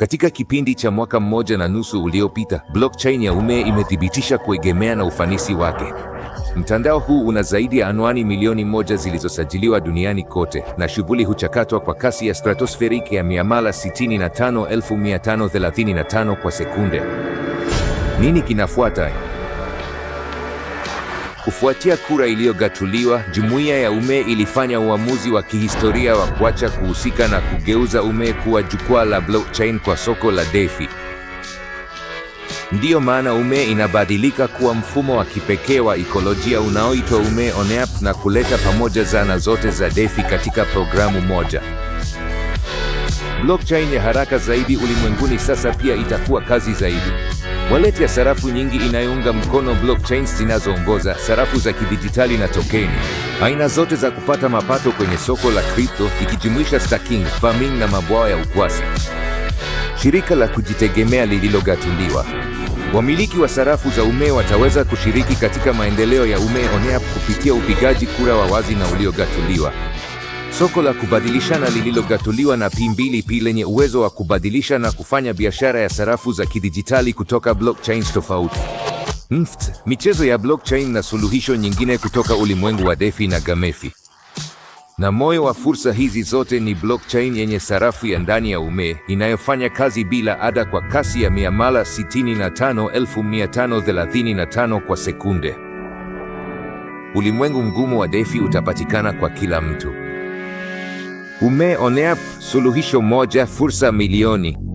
Katika kipindi cha mwaka mmoja na nusu uliopita, blockchain ya ume imethibitisha kuegemea na ufanisi wake. Mtandao huu una zaidi ya anwani milioni moja zilizosajiliwa duniani kote, na shughuli huchakatwa kwa kasi ya stratospheric ya miamala 65,535 kwa sekunde. Nini kinafuata? Kufuatia kura iliyogatuliwa, jumuiya ya ume ilifanya uamuzi wa kihistoria wa kuacha kuhusika na kugeuza ume kuwa jukwaa la blockchain kwa soko la DeFi. Ndiyo maana ume inabadilika kuwa mfumo wa kipekee wa ikolojia unaoitwa ume ONEAP na kuleta pamoja zana zote za DeFi katika programu moja. Blockchain ya haraka zaidi ulimwenguni sasa pia itakuwa kazi zaidi. Wallet ya sarafu nyingi inayounga mkono blockchains zinazoongoza sarafu za kidijitali na tokeni. Aina zote za kupata mapato kwenye soko la kripto ikijumuisha staking, farming na mabwawa ya ukwasi. Shirika la kujitegemea lililogatuliwa Wamiliki wa sarafu za ume wataweza kushiriki katika maendeleo ya ume ONEAP kupitia upigaji kura wa wazi na uliogatuliwa soko la kubadilishana lililogatuliwa na P2P lenye uwezo wa kubadilisha na kufanya biashara ya sarafu za kidijitali kutoka blockchains tofauti. NFT, michezo ya blockchain na suluhisho nyingine kutoka ulimwengu wa DeFi na GAMEFI. Na moyo wa fursa hizi zote ni blockchain yenye sarafu ya ndani ya ume inayofanya kazi bila ada kwa kasi ya miamala 65,535 kwa sekunde. Ulimwengu mgumu wa DeFi utapatikana kwa kila mtu umeonea suluhisho moja fursa milioni.